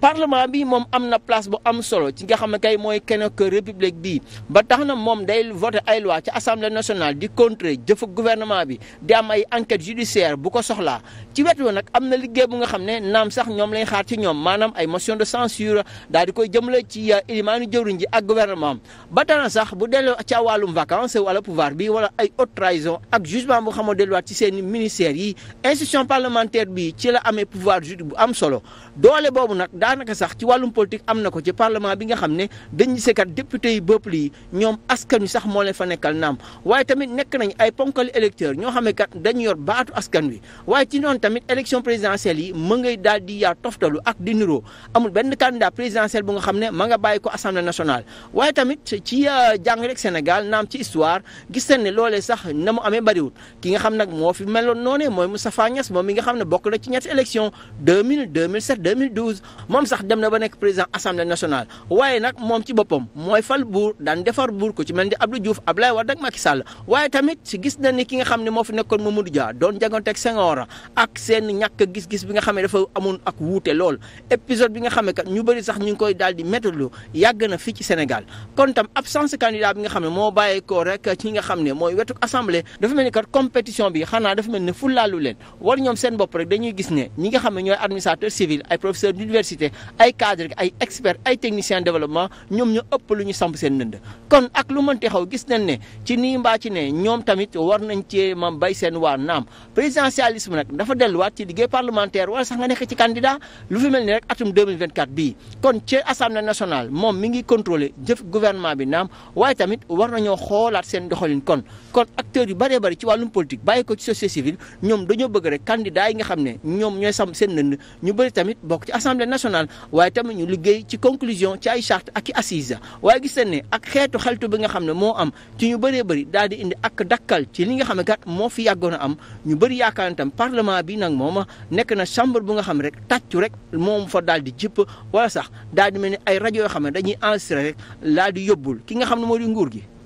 parlement bi moom am na place bu am solo ci nga xam ne kay mooy keneen que république bi ba tax na moom day voté ay loi ci assemblée national di contrer jëfu gouvernement bi di am ay enquête judiciaire bu ko soxlaa ci wet woo nag am na liggéey bu nga xam ne naam sax ñoom lañ xaar ci ñoom maanaam ay motion de censure daal di koy jëmale ci euh, ilimaanu jëwriñ ji ak gouvernement ba tax sax bu delloo ca wàllum vacance wala pouvoir bi wala ay haute trahison ak jugement bu xamoo delluwaat ci seen ministères yi institution parlementaire bi ci la amee pouvoir judi bu am solo daanaka sax ci wàllum politique am na ko ci parlement bi nga xam ne dañu sekat député yi peuple yi ñoom askan wi sax moo leen fa nekkal naam waaye tamit nekk nañ ay ponkali électeurs ñoo xam ne kat dañu yor baatu askan wi waaye ci noonu tamit élection présidentielle yi ma ngay daal di yaa toftalu ak di niroo amul benn candidat présidentiel bu nga xam ne ma nga bàyyi ko assemblée nationale waaye tamit ci euh, jàng rek Sénégal naam ci histoire gis nañ ne loolee sax na mu amee nga xam nag moo fi meloon noonee mooy Moustapha xam ne bokk na ci moom sax dem na ba nekk président assemblée nationale waaye nag moom ci boppam mooy fal buur daan defar buur ko ci mel ni Abdou Diouf Abdoulaye Wade ak Macky Sall waaye tamit gis na ni ki nga xam ne moo fi nekkoon Mamadou Dia ci nga xam ne mooy wetu assemblée dafa mel ne fulaalu leen war ñoom seen bopp rek dañuy gis ne ñi nga xam ne ñooy administrateur civil ay professeur d'université santé ay cadre ay experts ay techniciens développement ñoom ñu ëpp lu ñu samp seen ndënd kon ak lu mënti xaw gis nañ ne ci nii mbaa ci ne ñoom tamit war nañ cee ci liggéey lu fi mel ni rek atum 2024 bii kon ci assemblée nationale moom mi ngi contrôler jëf gouvernement bi naam waaye tamit war nañoo xoolaat seen doxalin kon kon acteurs yu bëree ci wàllum politique bàyyi ko ci société civile ñoom dañoo bëgg rek candidat nga xam ne ñoom ñooy sam seen nënd ñu bëri tamit nasaraan waaye tamit ñu liggéey ci conclusion ci ay charte ak i assise waaye gis nañ ne ak xeetu xeltu bi nga xam ne moo am ci ñu bëree bëri daal di indi ak dakkal ci li nga xam ne kat moo fi yàggoon a am ñu bëri yaakaar tam parlement bi nag moom nekk na chambre bu nga xam rek taccu rek moom fa daal di jëpp wala sax daal di mel ni ay rajo yoo xam ne dañuy enregistré rek daal di yóbbul ki nga xam ne moo di nguur gi